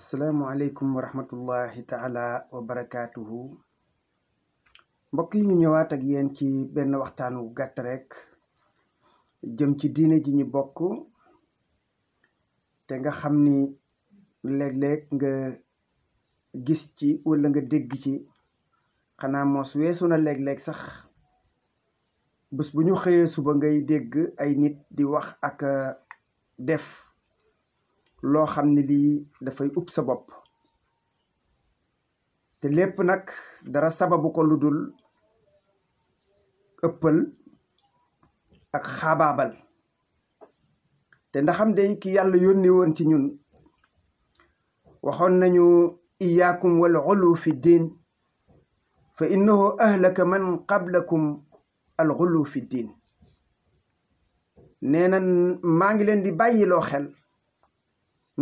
asalaamualeykum wa rahmatullahi taala wa barakaatuhu mbokk yi ñu ñëwaat ak yéen ci benn waxtaan wu gàtt rek jëm ci diine ji ñu bokk te nga xam ni léeg-léeg nga gis ci wala nga dégg ci xanaa mos weesu na léeg-léeg sax bés bu ñu xëyee suba ngay dégg ay nit di wax ak def loo xam ne lii dafay ub sa bopp te lépp nag dara sababu ko lu dul ëppal ak xaabaabal te ndaxam day ki yàlla yónni woon ci ñun waxoon nañu iyaakum wal xulu fi diin fa innahu ahlaka man qablakum al xulu fi diin nee na maa ngi leen di bàyyiloo xel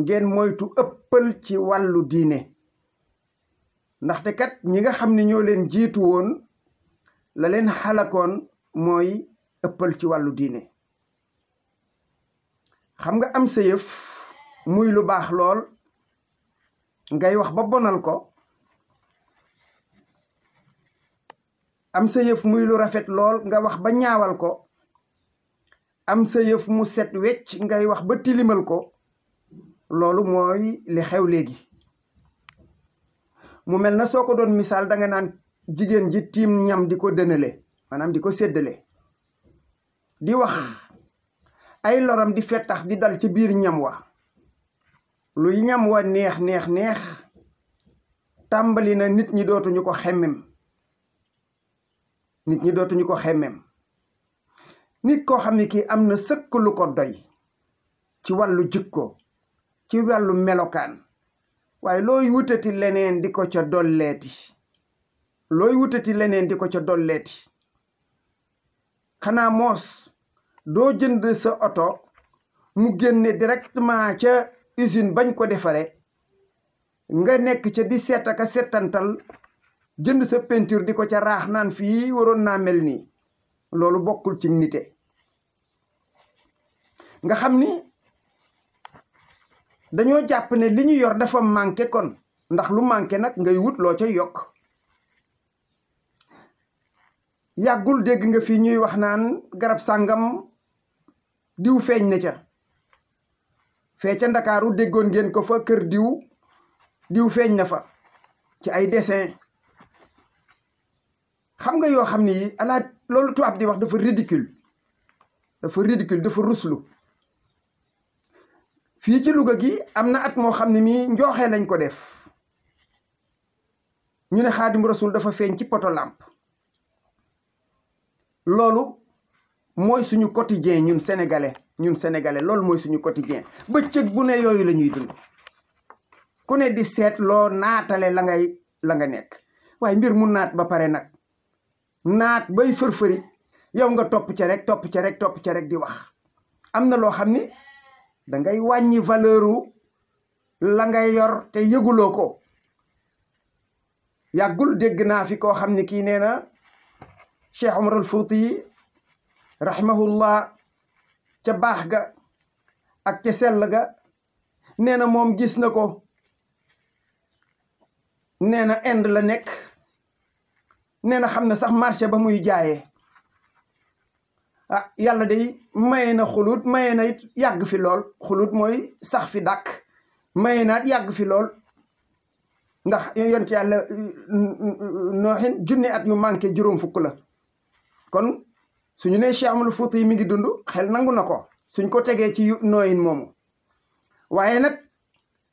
ngeen moytu ëppal ci wàllu diine ndaxte kat ñi nga xam ne ñoo leen jiitu woon la leen xalakoon mooy ëppal ci wàllu diine xam nga am sa yëf muy lu baax lool ngay wax ba bonal ko am sa yëf muy lu rafet lool nga wax ba ñaawal ko am sa yëf mu set wecc ngay wax ba tilimal ko loolu mooy li xew léegi mu mel na soo ko doon misaal danga naan jigéen ji tiim ñam di ko dënale maanaam di ko séddale di wax ay loram di fettax di dal ci biir ñam wa luy ñam wa neex neex neex tàmbali na nit ñi dootuñu ko xemmem nit ñi dootuñu ko xemmem nit koo xam ne kii am na sëkk lu ko doy ci wàllu ko ci wàllu melokaan waaye looy wutati leneen di ko ca dolleeti looy wutati leneen di ko ca dolleeti xanaa moos doo jënd sa oto mu génne directement ca usine bañ ko defaree nga nekk ca di seet ak seetantal jënd sa peinture di ko ca raax naan fii waroon naa mel nii loolu bokkul ci nite nga xam ni dañoo jàpp ne li ñu yor dafa manqué kon ndax lu manqué nag ngay wut loo ca yokk yàggul dégg nga fi ñuy wax naan garab sàngam diw feeñ na ca fee ca ndakaaru déggoon ngeen ko fa kër diw diw feeñ na fa ci ay dessin xam nga yoo xam ni alaa loolu tubaab di wax dafa ridicule dafa ridicule dafa ruslu fii ci Louga gi am na at moo xam ne mii njooxee lañ ko def ñu ne xaadim rasul dafa feeñ ci poto làmp loolu mooy suñu quotidien ñun sénégalais ñun sénégalais loolu mooy suñu quotidien bëccëg bu ne yooyu la ñuy dund ku ne di seet loo naatale la ngay la nga nekk waaye mbir mu naat ba pare nag naat bay fërfëri yow nga topp ca rek topp ca rek topp ca rek di wax am na loo xam ni da ngay wàññi valeuru la ngay yor te yëguloo ko yàggul dégg naa fi koo xam ne kii nee na Cheikh Omar al Fouti ca baax ga ak ca sell ga nee na moom gis na ko nee na Inde la nekk nee na xam na sax marché ba muy jaayee Ah, yàlla day maye na xulut maye na it yàgg fi lool xulut mooy sax fi dàkk maye naat yàgg fi lool ndax yonent yàlla euh, euh, euh, nooxin junni at yu manqué juróom fukk la kon suñu nee Cheikh Amadou yi mi ngi dund xel nangu na ko suñ ko tegee ci nooyin moomu waaye nag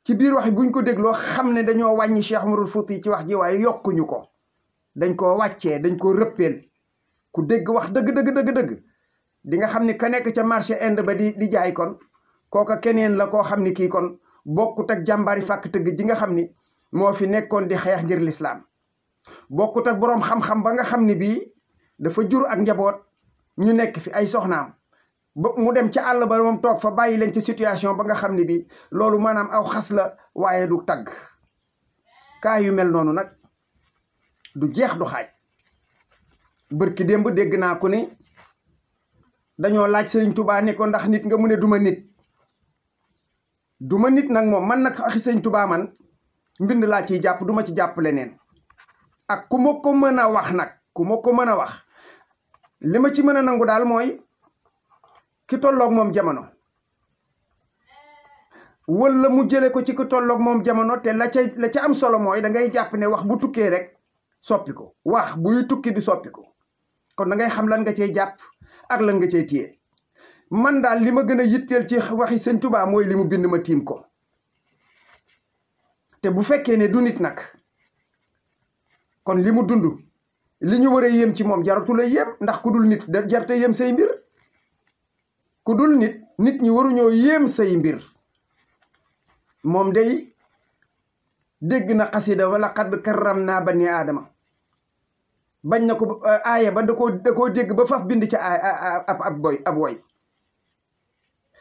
ci biir wax buñ ko dégloo xam ne dañoo wàññi Cheikh Amadou Fouta yi ci wax ji waaye yokkuñu ko dañ koo wàccee dañ koo rëppeel ku dégg wax dëgg dëgg dëgg di nga xam ni ka nekk ca marché Inde ba di jaay kon kooka keneen la koo xam ni kii kon bokkut ak jàmbari fàkk tëgg ji nga xam ni moo fi nekkoon di xeex ngir lislaam bokkut ak boroom xam-xam ba nga xam ni bii dafa jur ak njaboot ñu nekk fi ay soxnaam ba mu dem ca àll ba moom toog fa bàyyi leen ci situation ba nga xam ni bii loolu maanaam aw xas la waaye du tagg kaa yu mel noonu nag du jeex du xaaj bërki démb dégg naa ko ni dañoo laaj sëriñ tubaa ne ko ndax nit nga mu ne duma nit duma nit nag moom man nag axi sëriñ tubaa man mbind laa ci jàpp duma ci jàpp le leneen ak ku ma ko mën a wax nag ku ma ko mën a wax li ma ci mën a nangu daal mooy ki tolloog moom jamono wala mu jële ko ci ki tolloog moom jamono te la ca la ca am solo mooy da ngay jàpp ne wax bu tukkee rek soppi ko wax buy tukki di soppi kon dangay xam lan nga cey jàpp ak lan nga cey téye man daal li ma gën a yitteel ci waxi sëñ Tuubaa mooy li mu bind ma tiim ko te bu fekkee ne du nit nag kon li mu dund li ñu war a ci moom jaratu la ndax ku nit da jarte yéem say mbir ku dul nit nit ñi waru waruñoo yéem say mbir moom day dégg na xasida walla xadd karram naa bani aadama bañ na ko eh, aaya ba da koo da koo ba faf bind ci ab ab boy ab woy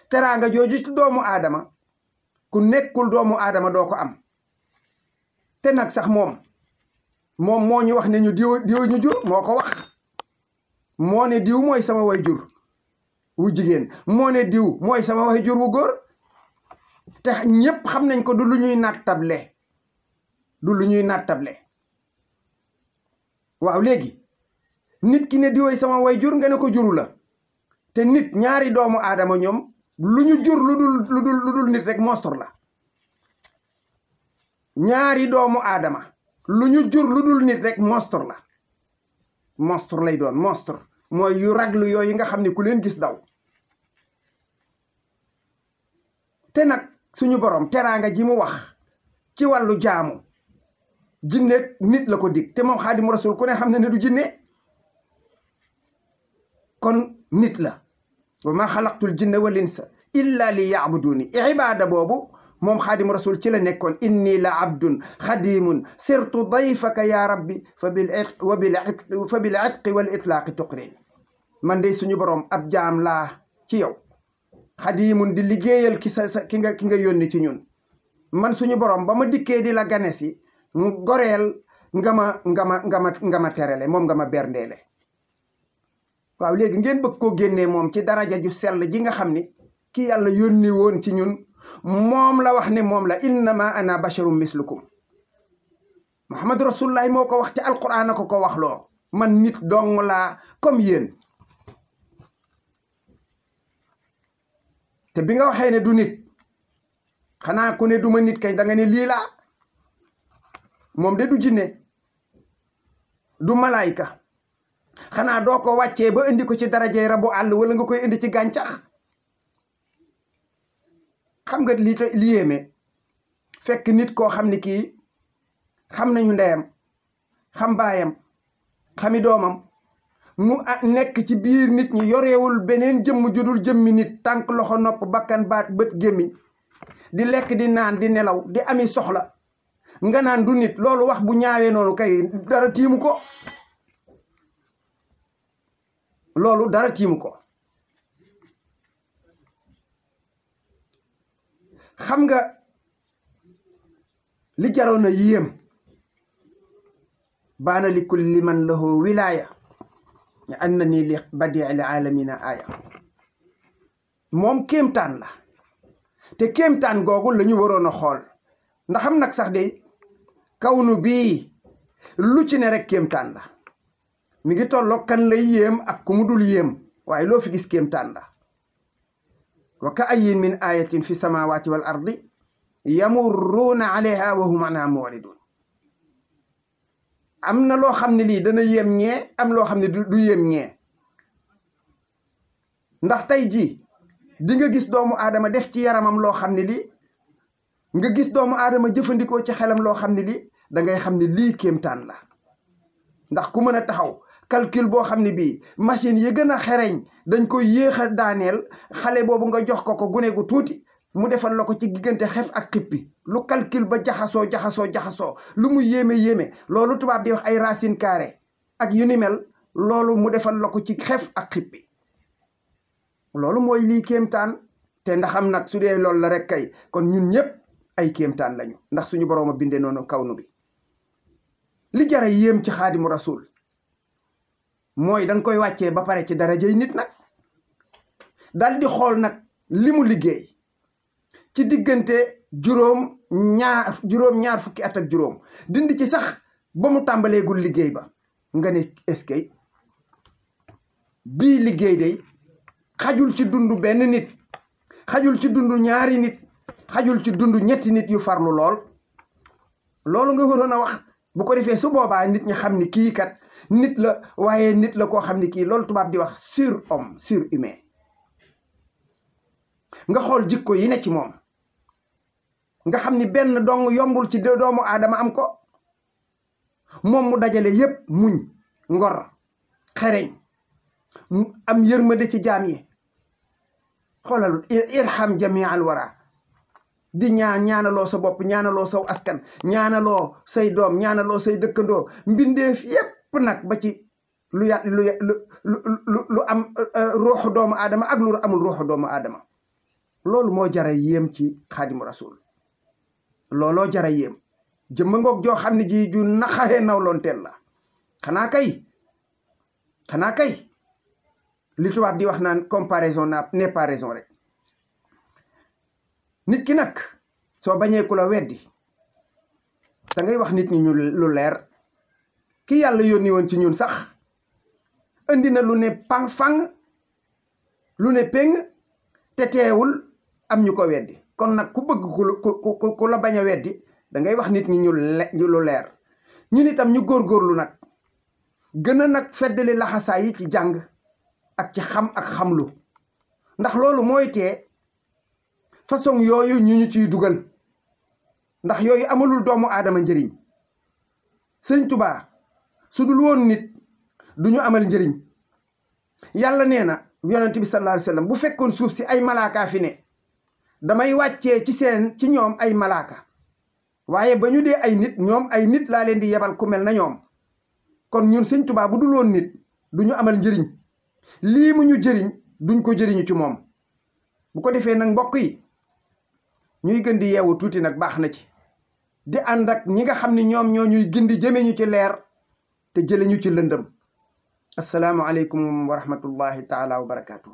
teraanga jooju ci doomu aadama ku nekkul doomu aadama doo ko am te nag sax moom moom moo ñu wax ne ñu diw diw ñu jur moo ko wax moo ne diw mooy sama way jur wu jigéen moo ne diw mooy sama way jur wu góor te ñépp xam nañ ko du lu ñuy nattable du lu ñuy nattable waaw léegi nit ki ne di woy sama way jur nga ne ko juru la te nit ñaari doomu aadama ñoom lu ñu jur lu dul lu dul nit rek monstre la ñaari doomu aadama lu ñu jur lu dul nit rek monstre la monstre lay doon monstre mooy yu raglu yooyu nga xam ne ku leen gis daw te nag suñu borom teraanga ji mu wax ci wàllu jaamu jinneeg nit la ko dig te moom xaadimu rasul ko ne xam na ne du jinne kon nit la wa maa xalaqtul jinna wal insa illa boobu moom xaadimu rasul ci la nekkoon inni la abdun xadimun sirtu dayfaka ya rabbi fa bil wa bil fa bil itqi tuqrini man day suñu borom ab jaam laa ci yow xadimun di liggéeyal ki sa ki nga ki nga yónni ci ñun man suñu borom ba ma dikkee di la ganesi goreel ngama ngama nga ma nga moom nga ma berndeele waaw léegi ngeen bëgg koo génnee moom ci daraja ju sell ji nga xam ni ki yàlla yónni woon ci ñun moom la wax ni moom la innama ana basharum mislukum muhammad rasulullah moo ko wax ci alquran a ko ko wax loo man nit dong laa comme yéen te bi nga waxee ne du nit xanaa ku ne ma nit kay danga nga ne lii moom de du jinne du malaayka xanaa doo ko wàccee ba indi ko ci darajey rabu àll wala nga koy indi ci gàncax xam nga lii te fekk nit koo xam ni kii xam nañu ndeyam xam baayam xami doomam mu nekk ci biir nit ñi yorewul beneen jëmm judul jëmmi nit tànk loxo nopp bakkan baat bët gémmiñ di lekk di naan di nelaw di ami soxla nga naan du nit loolu wax bu ñaawee noonu kay dara tiimu ko loolu dara tiimu ko xam nga li jaroon a yéem baana li kulli man lahu wilaaya ñu ànd na nii li badii al aalamina aaya moom kéemtaan la te kéemtaan googu la ñu waroon a xool ndaxam nag sax de kawnu bii lu ci ne rek la mi ngi tolloog kan lay yéem ak ku mu dul yéem waaye loo fi gis kéemtaan la wa ka ayin min ayatin fi samawati wal ardi yamurruuna alayha wa hum anha muridun am na loo xam ne lii dana yéem ñee am loo xam ne du yéem ñee ndax tey jii di nga gis doomu aadama def ci yaramam loo xam ne lii nga gis doomu aadama jëfandikoo ci xelam loo xam ne lii dangay xam ne lii kéemtaan la ndax ku mën a taxaw calcul boo xam ne bii machine yi gën a xereñ dañ koy yéex a daaneel xale boobu nga jox ko ko gune gu tuuti mu defan la ko ci diggante xef ak xippi lu calcul ba jaxasoo jaxasoo jaxasoo lu mu yéeme yéeme loolu tubaab di wax ay racine carrée ak yu ni loolu mu defan la ko ci xef ak xippi loolu mooy lii kéemtaan te ndax am nag su dee loolu la rek kay kon ñun ñëpp. ay kéemtaan lañu ndax suñu boroom a bindee noonu kawnu bi li jara yéem ci xaadimu rasul mooy danga koy wàcce ba pare ci dara darajey nit nag dal di xool nag li mu liggéey ci diggante juróom ñaar juróom ñaar fukki at ak juróom dindi ci sax ba mu tàmbaleegul liggéey ba nga ne eskay bi liggéey day xajul ci dund benn nit xajul ci dund ñaari nit xajul ci dund ñetti nit yu farlu lool loolu nga waroon a wax bu ko defee su boobaa nit ñi xam ni kii kat nit la waaye nit la koo xam ni kii loolu tubaab di wax sur surhumain nga xool jikko yi ne ci moom nga xam ni benn dong yombul ci doomu aadama am ko moom mu dajale yépp muñ ngor xereñ am yërmande ci jaam yi xoolal irham jamial wara di ñaan ñaanaloo sa bopp ñaanaloo saw askan ñaanaloo say doom ñaanaloo say dëkkandoo mbindeef yépp nag ba ci lu yàt lu lu lu am euh, euh, ruuxu doomu aadama ak lu amul ruuxu doomu aadama loolu moo jara yéem ci xaadimu rasul looloo jara yéem jëmma ngoog joo xam ne ji ju naqaree nawloonteel la xanaa kay xanaa kay li di wax naan comparaison n'a pas rek nit ki nag soo bañee ku la weddi da ngay wax nit ñi ñu lu leer ki yàlla yónni ci ñun sax indi na lu ne pang fang lu ne péng te teewul am ñu ko weddi kon nag ku bëgg ku la bañ a weddi da ngay wax nit ñi ñu ñu lu leer ñun itam ñu góor góorlu nag gën a nag feddali laxasaay yi ci jàng ak ci xam ak xamlu ndax loolu mooy tee façon yooyu ñu ñu ciy dugal ndax yooyu amalul doomu aadama njëriñ sëñ tubaa su dul woon nit du ñu amal njëriñ yàlla nee na yonent bi sallallahu alayhi bu fekkoon suuf si ay malaaka fi ne damay wàcce ci seen ci ñoom ay malaaka waaye ba ñu dee ay nit ñoom ay nit laa leen di yebal ku mel na ñoom kon ñun sëñ tubaa bu dul woon nit du ñu amal njëriñ lii mu ñu jëriñ duñ ko jëriñu ci moom bu ko defee nag mbokk yi ñuy gën di yeewu tuuti nag baax na ci di ànd ak ñi nga xam ne ñoom ñoo ñuy gindi jëmee ñu ci leer te jële ñu ci lëndëm asalaamualeykum wa rahmatullahi taala wa barakaatu.